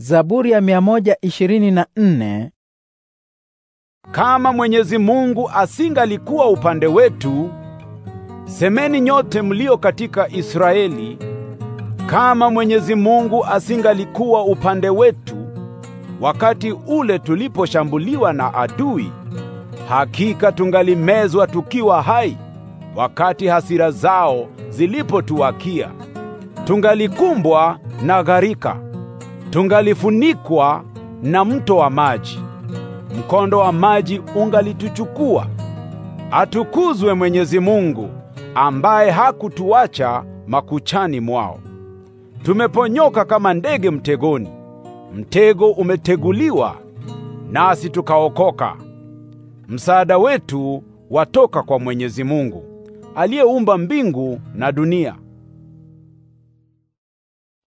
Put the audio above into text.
Zaburi ya 124. Kama Mwenyezi Mungu asingalikuwa upande wetu, semeni nyote mlio katika Israeli, kama Mwenyezi Mungu asingalikuwa upande wetu wakati ule tuliposhambuliwa na adui, hakika tungalimezwa tukiwa hai wakati hasira zao zilipotuwakia, tungalikumbwa na gharika tungalifunikwa na mto wa maji, mkondo wa maji ungalituchukua. Atukuzwe Mwenyezi Mungu ambaye hakutuacha makuchani mwao. Tumeponyoka kama ndege mtegoni, mtego umeteguliwa nasi tukaokoka. Msaada wetu watoka kwa Mwenyezi Mungu aliyeumba mbingu na dunia.